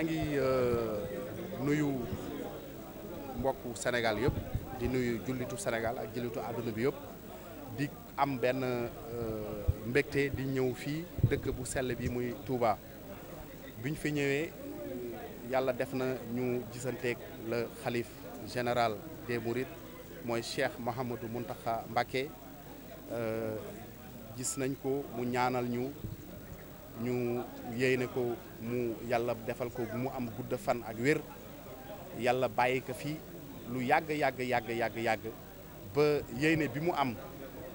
maa ngi euh, nuyu mbokku senegal yëpp di nuyu jullitu senegal ak jullitu àdduna bi yëpp di am benn euh, mbégte di ñëw fii dëkk bu sell bi muy Touba bi ñu fi ñëwee yàlla def na ñu gisanteeg le xalif général des mooy Cheikh Mouhamadou Mountakha Mbacké euh, gis nañ ko mu ñaanal ñu ñu yéene ko mu yàlla defal ko bu mu am gudd fan ak wér yàlla bàyyi ko fii lu yàgg yàgg yàgg yàgg yàgg ba yéene bi mu am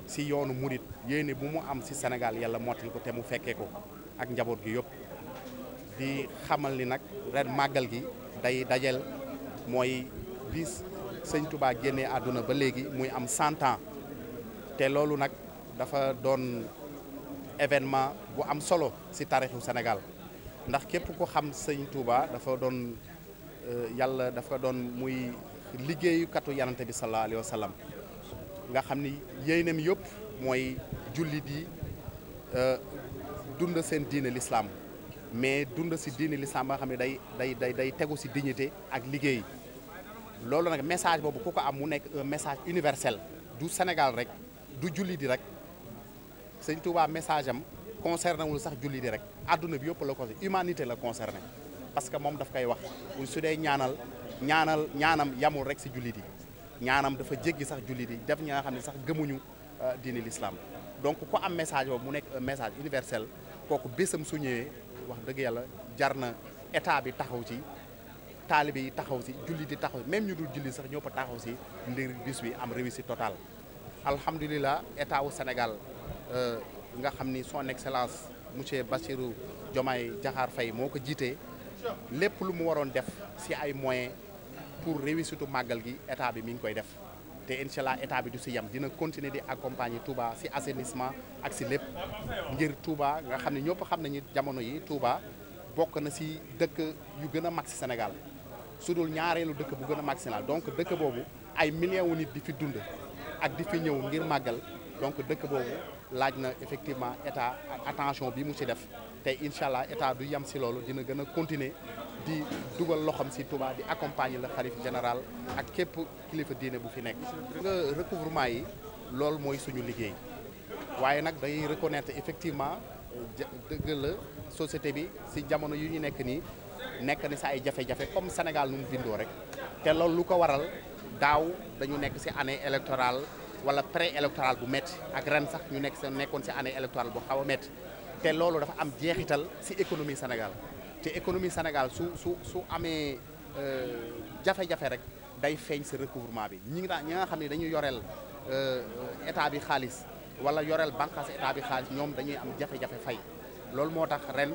si yoonu murit yéene bu mu am si Sénégal yàlla mottil ko te mu fekkee ko ak njaboot gi yëpp di xamal ni nag ren màggal gi day dajel mooy bis sëñ Touba génnee àdduna ba léegi muy am cent te loolu nag dafa doon événement bu am solo si taarixu senegal ndax képp ku xam sëñ Touba dafa doon euh, yàlla dafa doon muy liggéeykatu yanante bi sallallahu alayhi nga xam ni yéenam yëpp mooy jullit yi euh, dund seen diine l'islam mais dund si diine l'islam ba xam ne day day day day tegu si dignité ak liggéey loolu nag message boobu ku ko am mu nekk message universel du Sénégal rek du jullit yi rek sëñ Touba message am concerné wul sax julli di rek àdduna bi yëpp la ko la concerné parce que moom dafa koy wax su dee ñaanal ñaanal ñaanam yamul rek si julli di ñaanam dafa jéggi sax julli di def ñi xam ne sax gëmuñu euh, dini l'islam donc ku am message boobu mu nekk message universel kooku bésam su wax dëgg yàlla jar na état bi taxaw ci taalibe yi taxaw si julli di taxaw même ñu dul julli sax ñëpp taxaw si ndir bis bi am réussite totale alhamdulilah état wu Sénégal Euh, nga xam ni son excellence monsieur Bassirou Diomaye Diakhar Faye moo ko jiitee lépp lu mu waroon def si ay moyens pour réussite màggal gi état bi mi ngi koy def te incha allah état bi du si yem dina continuer di accompagner Touba si assainissement ak si lépp ngir Touba nga xam ne ñëpp xam nañu jamono yi Touba bokk na si dëkk yu gën a mag si Sénégal su dul ñaareelu dëkk bu gën a mag si donc dëkk boobu ay millions wu nit di fi dund ak di fi ñëw ngir màggal. donc dëkk boobu laaj na effectivement état attention bi mu si def te incha allah état du yem si loolu dina gën a continuer di dugal loxam si Touba di accompagner le xalif général ak képp kilifa diine bu fi nekk. nga recouvrement yi loolu mooy suñu liggéey waaye nag day reconnaitre effectivement dëgg la société bi si jamono yu ñu nekk nii nekk na ci ay jafejafe comme Sénégal nu mu bindoo rek te loolu lu ko waral daaw dañu nekk si année électorale. wala pré électoral bu métti ak ren sax ñu nekk seen nekkoon si année électorale bu xaw met te loolu dafa am jeexital si économie Sénégal te économie Sénégal su su su amee euh, jafe-jafe rek day feeñ si recouvrement bi ñi nga ñi nga xam ne dañuy yoreel euh, état bi xaalis wala yoreel bànqaas état bi xaalis ñoom dañuy am jafe-jafe fay loolu moo tax ren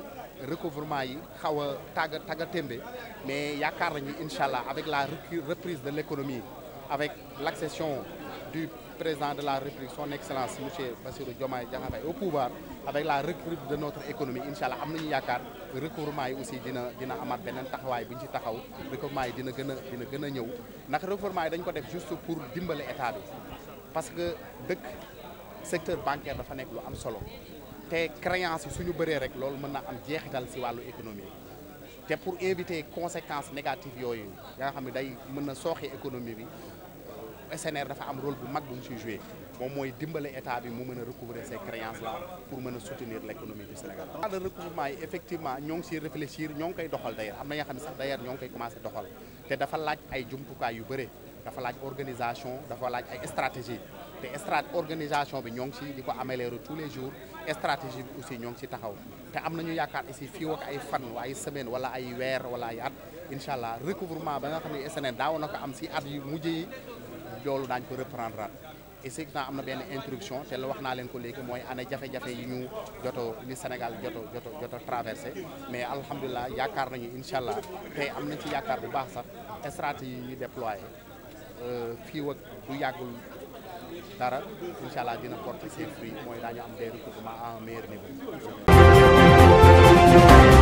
recouvrement yi xaw a tàgga tàgga témbe mais yaakaar nañu incha allah avec la reprise de l' économie avec l' accession du président de la République, son Excellence monsieur Bassirou Diomaye Diakhar Faye au pouvoir avec la recrute de notre économie incha allah am nañu yaakaar recouvrement yi aussi dina dina amaat beneen taxawaay bu ñu ci taxaw recouvrement yi dina gën a dina gën a ñëw ndax recouvrement yi dañ ko def juste pour dimbale état bi parce que dëkk secteur bancaire dafa nekk lu am solo te créance yi suñu bëree rek loolu mën na am jeexital si wàllu économie te pour éviter conséquences négatives yooyu ya nga xam ne day mën na sooxe économie bi SNR dafa am rôle bu mag bu ñu ciy joué moom mooy dimbale état bi mu mën a recouvrer ces créances là pour mën a soutenir l' du Sénégal. le recouvrement yi effectivement ñoo ngi siy réfléchir ñoo ngi koy doxal d'ailleurs am na ñoo xam ne sax d'ailleurs ñoo te dafa laaj ay jumtukaay yu bëre dafa laaj organisation dafa laaj ay stratégie te strat organisation bi ñoo ngi si di ko améliorer tous les jours stratégie bi aussi ñoo ngi si taxaw te am nañu yaakaar ici fii ak ay fan ay semaine wala ay weer wala ay at incha allah recouvrement ba nga xam ne SNR daawoon na ko am si joolu daañu ko reprendre et am na benn introduction te wax naa leen ko léegi mooy ana jafe-jafe yi ñu joto li Sénégal joto joto joto traversé mais alhamdulilah yaakaar nañu incha allah tey am nañ ci yaakaar bu baax sax stratégie yi ñu déployé euh, fii wak du yàggul dara incha allah dina porter ses fruits mooy daañu am des recrutements à un meilleur niveau.